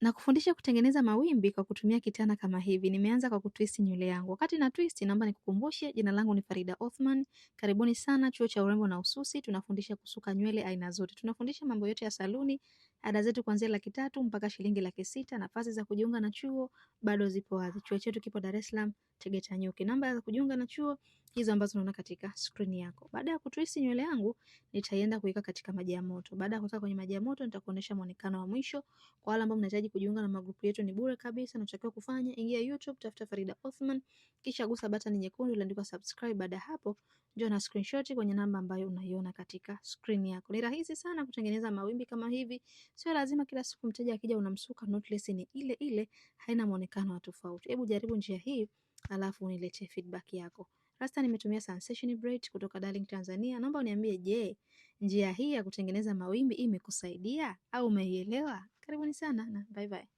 na kufundisha kutengeneza mawimbi kwa kutumia kitana kama hivi. Nimeanza kwa kutwist nywele yangu. Wakati na twist, naomba nikukumbushe, jina langu ni Farida Othman. Karibuni sana chuo cha urembo na ususi. Tunafundisha kusuka nywele aina zote, tunafundisha mambo yote ya saluni. Ada zetu kuanzia laki tatu mpaka shilingi laki sita. Nafasi za kujiunga na chuo bado zipo wazi. Chuo chetu kipo Dar es Salaam, Tegeta Nyuki. Namba za kujiunga na chuo hizo ambazo unaona katika skrini yako. Baada ya kutwist nywele yangu, nitaenda kuweka katika maji ya moto. Baada ya kuweka kwenye maji ya moto, nitakuonesha muonekano wa mwisho. Kwa wale ambao mnahitaji kujiunga na magrupu yetu, ni bure kabisa. Unachotakiwa kufanya, ingia YouTube, tafuta Farida Othman, kisha gusa button nyekundu iliyoandikwa subscribe. Baada ya hapo, njoo na screenshot kwenye namba ambayo unaiona katika screen yako. Ni rahisi sana kutengeneza mawimbi kama hivi, sio lazima kila siku mteja akija unamsuka. Knotless ni ile ile, haina muonekano wa tofauti. Hebu jaribu njia hii, alafu uniletee feedback yako. Rasta nimetumia Sensation Bright kutoka Darling Tanzania. Naomba uniambie, je, njia hii ya kutengeneza mawimbi imekusaidia au umeielewa? Karibuni sana na bye bye.